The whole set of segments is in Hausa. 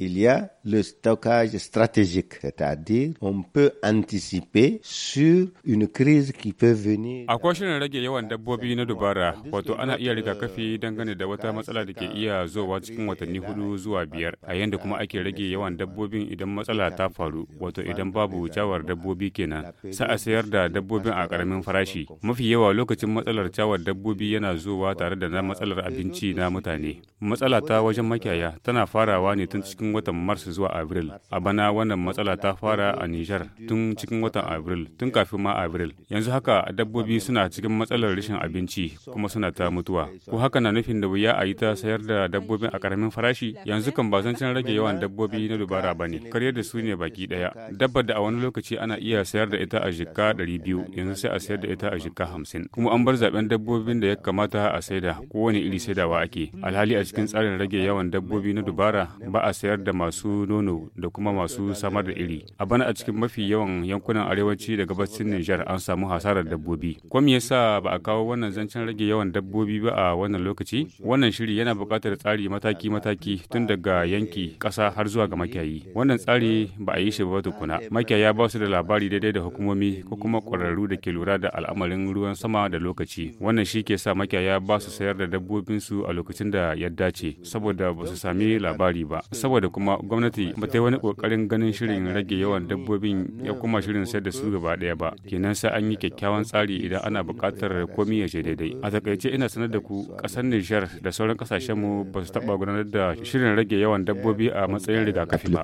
il y a le stockage stratégique, c'est-à-dire on peut anticiper sur une crise qui peut venir. Akwai shirin rage yawan dabbobi na dubara, wato ana iya rigakafi dangane da wata matsala da ke iya zowa cikin watanni hudu zuwa biyar, a yanda kuma ake rage yawan dabbobin idan matsala ta faru, wato idan babu cawar dabbobi kenan, sa a sayar da dabbobin a karamin farashi. Mafi yawa lokacin matsalar cawar dabbobi yana zowa tare da na matsalar abinci na mutane. Matsala ta wajen makiyaya tana farawa ne tun cikin cikin watan Mars zuwa Abril. A bana wannan matsala ta fara a Nijar tun cikin watan Abril, tun kafin ma Abril. Yanzu haka dabbobi suna cikin matsalar rashin abinci kuma suna ta mutuwa. Ko haka na nufin da wuya a yi ta sayar da dabbobi a karamin farashi? Yanzu kan ba zancen rage yawan dabbobi na dubara ba ne. kar yadda su ne baki daya. Dabbar da a wani lokaci ana iya sayar da ita a jikka biyu yanzu sai a sayar da ita a jikka hamsin Kuma an bar zaben dabbobin da ya kamata a saida kowane iri saidawa ake. Alhali a cikin tsarin rage yawan dabbobi na dubara ba a sayar horar da masu nono da kuma masu samar da iri. A bana a cikin mafi yawan yankunan arewaci da gabacin Nijar an samu hasarar dabbobi. Ko me sa ba a kawo wannan zancen rage yawan dabbobi ba a wannan lokaci? Wannan shiri yana buƙatar tsari mataki-mataki tun daga yanki ƙasa har zuwa ga makiyayi. Wannan tsari ba a yi shi ba tukuna. Makiyaya ba su da labari daidai da hukumomi ko kuma ƙwararru da ke lura da al'amarin ruwan sama da lokaci. Wannan shi ke sa makiyaya ba su sayar da dabbobinsu a lokacin da ya dace saboda ba su sami labari ba. Saboda da kuma gwamnati ba ta yi wani kokarin ganin shirin rage yawan dabbobin ya kuma shirin sayar da su gaba daya ba kenan sai an yi kyakkyawan tsari idan ana bukatar komi ya je daidai a takaice ina sanar da ku kasar Nijar da sauran kasashen mu ba su taba gudanar da shirin rage yawan dabbobi a matsayin rigakafi ba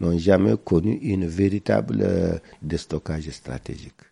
n'ont jamais connu une véritable euh, déstockage stratégique.